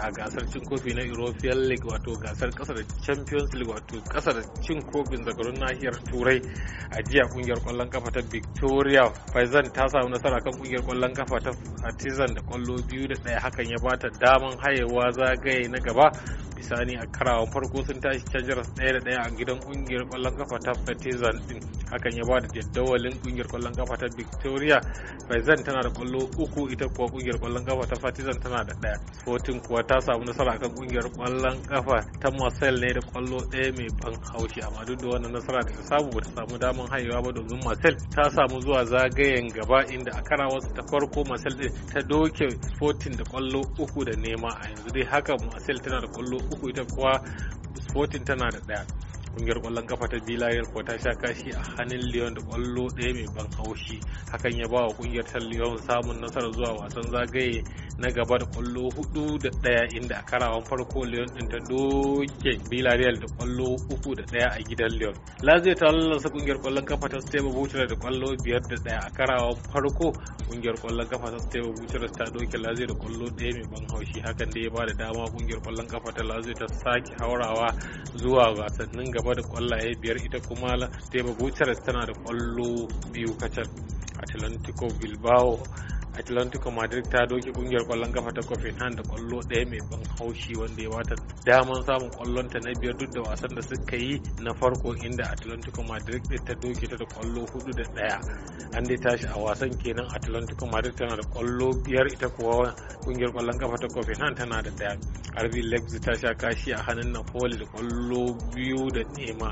a gasar cin kofi na european league wato gasar kasar champions league wato kasar cin kofin zakarun nahiyar turai a jiya kungiyar kwallon kafa ta victoria faizan ta samu nasara kan kungiyar kwallon kafa ta artisan da kwallo biyu da daya hakan ya bata daman hayewa zagaye na gaba bisani a karawan farko sun tashi chargers daya da daya a gidan kungiyar kwallon kafa ta partizan din hakan ya ba da jaddawalin kungiyar kwallon kafa ta victoria faizan tana da kwallo uku ita kuwa kungiyar kwallon kafa ta fatizan tana da daya sporting kuwa ta samu nasara akan kungiyar kwallon kafa ta marcel ne da kwallo daya mai ban haushi amma duk da wannan nasara da ta samu bata samu damar hayewa ba domin marcel ta samu zuwa zagayen gaba inda a karawarsa ta farko marcel din ta doke sporting da kwallo uku da nema a yanzu dai haka marcel tana da kwallo uku ita kuwa sporting tana da daya kungiyar kwallon kafa ta villarreal ko ta sha kashi a hannun lyon da kwallo ɗaya mai ban haushi hakan ya ba wa kungiyar ta lyon samun nasarar zuwa wasan zagaye na gaba da kwallo hudu da daya inda a karawan farko Lyon din ta doke Villarreal da kwallo uku da daya a gidan Lyon. Lazio ta lallasa kungiyar kwallon kafa ta Steva Bucharest da kwallo biyar da daya a karawan farko kungiyar kwallon kafa ta Steva Bucharest ta doke Lazio da kwallo daya mai ban haushi hakan da ya ba da dama kungiyar kwallon kafa ta Lazio ta sake haurawa zuwa wasannin gaba da kwallaye biyar ita kuma teba Bucharest tana da kwallo biyu kacal. Atlantico Bilbao atlantico madrid ta doke kungiyar kwallon kafa ta copenhagen da kwallo ɗaya mai ban haushi wanda ya bata daman samun kwallon ta na biyar duk da wasan da suka yi na farko inda atlantico madrid ta doke ta da kwallo hudu da ɗaya an dai tashi a wasan kenan atlantico madrid tana da kwallo biyar ita kuwa kungiyar kwallon kafa ta copenhagen tana da ɗaya rb leipzig ta sha kashi a hannun napoli da kwallo biyu da nema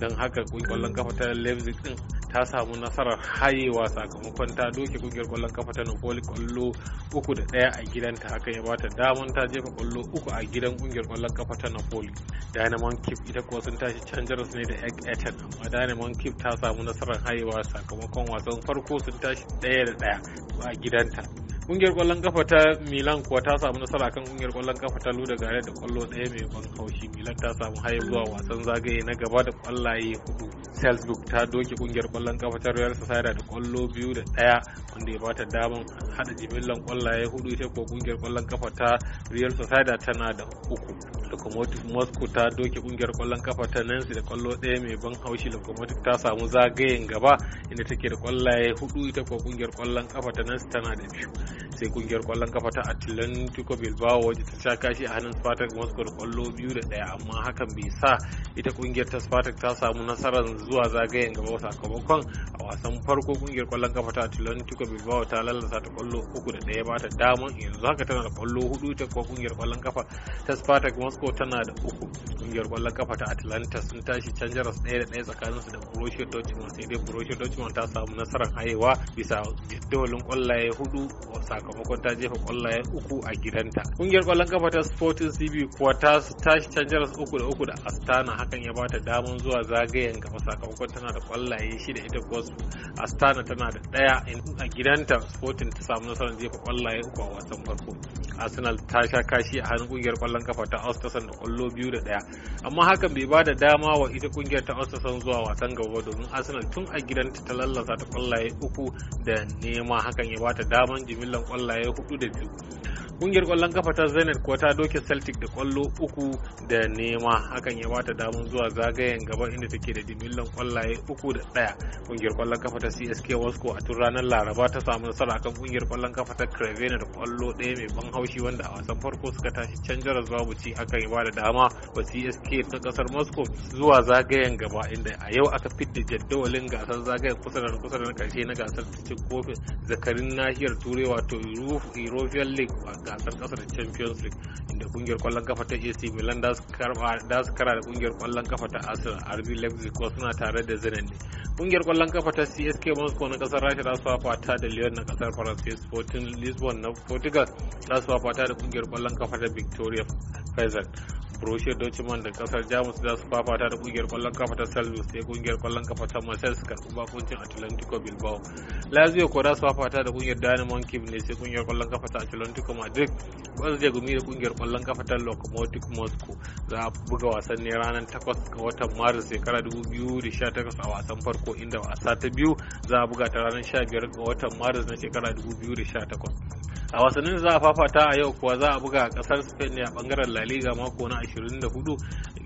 don haka kwallon kafa ta leipzig din ta samu nasarar hayewa sakamakon ta doke kungiyar kwallon kafa ta napoli kwallo uku da ɗaya a gidanta haka ya bata damar ta jefa kwallo uku a gidan kungiyar kwallon kafa ta napoli dynamon kip ita kuwa sun tashi canjar su ne da eton amma dynamon kip ta samu nasarar hayewa sakamakon wasan farko sun tashi ɗaya da ɗaya a gidanta kungiyar kwallon kafa ta milan kuwa ta samu nasara kan kungiyar kwallon kafa ta luda gare da kwallo daya mai ban haushi milan ta samu haye zuwa wasan zagaye na gaba da kwallaye hudu salzburg ta doke kungiyar kwallon kafa ta royal society da kwallo biyu da daya wanda ya bata daman hada jimillan kwallaye hudu ita ko kungiyar kwallon kafa ta real society tana da uku locomotive moscow ta doke kungiyar kwallon kafa ta nancy da kwallo ɗaya mai ban haushi locomotive ta samu zagayen gaba inda take da kwallaye hudu ita kuwa kungiyar kwallon kafa ta nancy tana da biyu sai kungiyar kwallon kafa ta atlantico bilbao wajen ta sha kashi a hannun spartak moscow da kwallo biyu da ɗaya amma hakan bai sa ita kungiyar ta spartak ta samu nasarar zuwa zagayen gaba sakamakon a wasan farko kungiyar kwallon kafa ta atlantico bilbao ta lallasa ta kwallo uku da ɗaya ba ta damar yanzu haka tana da kwallo hudu ita kuwa kungiyar kwallon kafa ta spartak moscow Mexico tana da uku. Kungiyar kwallon kafa ta Atlanta sun tashi can jaras ɗaya da ɗaya su da Borussia Dortmund sai dai Borussia Dortmund ta samu nasarar hayewa bisa jadawalin kwallaye hudu sakamakon ta jefa kwallaye uku a gidanta. Kungiyar kwallon kafa ta Sporting CB kuwa ta tashi can jaras uku da uku da Astana hakan ya bata damar zuwa zagayen gaba sakamakon tana da kwallaye shida ita kuwa Astana tana da ɗaya a gidanta Sporting ta samu nasarar jefa kwallaye uku a wasan farko. Arsenal ta sha kashi a hannun kungiyar kwallon kafa ta Austin wasan da kwallo biyu da daya Amma hakan bai ba da dama wa ita kungiyar ta san zuwa wasan gaba domin Arsenal tun a gidanta ta lallasa ta kwallaye uku da nema hakan ya bata daman jimillan kwallaye hudu da biyu. Kungiyar kwallon kafa ta zainar kuwa ta doke Celtic da kwallo uku da nema hakan ya bata damun zuwa zagayen gaba inda take da dimillan kwallaye uku da daya. Kungiyar kwallon kafa ta CSK Wasco a tun ranar Laraba ta samu nasara kan kungiyar kwallon kafa ta Crevena da kwallo daya mai ban haushi wanda a wasan farko suka tashi can jaras babu ci hakan ya bada dama wa CSK ta kasar Moscow zuwa zagayen gaba inda a yau aka fidda jadawalin gasar zagayen kusa da kusa da karshe na gasar cin kofin zakarin nahiyar Turai wato European League gasar kasar champions league inda kungiyar kwallon kafa ta ac milan da su kara da kungiyar kwallon kafa ta arsenal rb leipzig ko suna tare da zenit ne kungiyar kwallon kafa ta csk moscow na kasar rasha da su fafata da lyon na kasar faransa sporting lisbon na portugal da su fafata da kungiyar kwallon kafa ta victoria pezan Borussia Dortmund da kasar Jamus za su fafata da kungiyar kwallon kafa ta Salzburg sai kungiyar kwallon kafa ta Marseille su karɓi bakuncin Atlantico Bilbao. Lazio ko za su fafata da kungiyar Dynamo Kiev ne sai kungiyar kwallon kafa ta Atlantico Madrid wasu je gumi da kungiyar kwallon kafa ta Lokomotiv Moscow za a buga wasan ne ranar 8 ga watan Maris shekara 2018 a wasan farko inda wasa ta biyu za a buga ta ranar 15 ga watan Maris na shekara 2018. a wasannin za a fafata a yau kuwa za a buga kasar spain ne a bangaren la liga mako na 24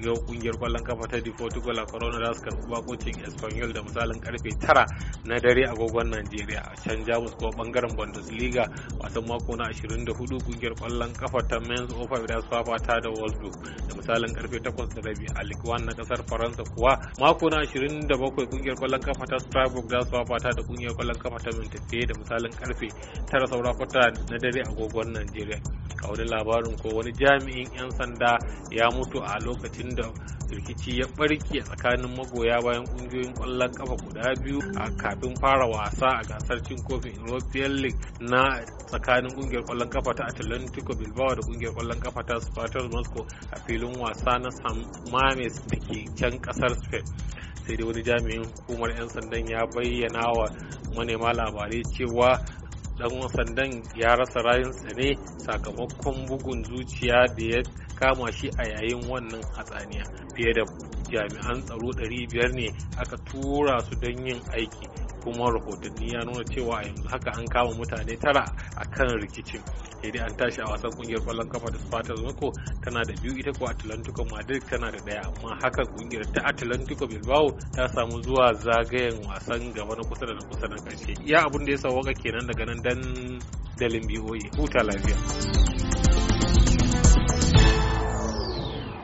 yau kungiyar kwallon kafa ta di Portugal a Corona za su karɓi bakocin Espanyol da misalin karfe 9 na dare agogon Najeriya a can Jamus ko bangaren Bundesliga wasan mako na 24 kungiyar kwallon kafa ta Mainz 05 da su fafata da Wolfsburg da misalin karfe 8 da rabi a Ligue 1 na kasar Faransa kuwa mako na 27 kungiyar kwallon kafa ta Strasbourg da su fafata da kungiyar kwallon kafa ta montpellier da misalin karfe 9 saura kwata na dare agogon Najeriya. a wani labarin ko wani jami'in 'yan sanda ya mutu a lokacin da rikici ya barke tsakanin magoya bayan kungiyoyin kwallon kafa guda biyu a kafin fara wasa a gasar cin kofin european league na tsakanin kungiyar kwallon kafa ta atlantico bilbao da kungiyar kwallon kafa ta spartans moscow a filin wasa na san mames da ke can kasar spain sai dai wani jami'in hukumar 'yan sandan ya bayyana wa manema labarai cewa dan sandan ya rasa rayunsa ne sakamakon bugun zuciya da ya kama shi a yayin wannan hatsaniya fiye da jami'an tsaro 500 ne aka tura su don yin aiki kuma rahotanni ya nuna cewa yanzu haka an kama mutane tara a kan rikicin idan an tashi a wasan kungiyar kwallon kafa da spartans mako tana da biyu ita ko atlantico madrid tana da daya amma haka kungiyar ta atlantico bilbao ta samu zuwa zagayen wasan gaba na kusa da na kusa na karshe iya abin da ya sauwaka kenan daga nan dan dalin biyoyi huta lafiya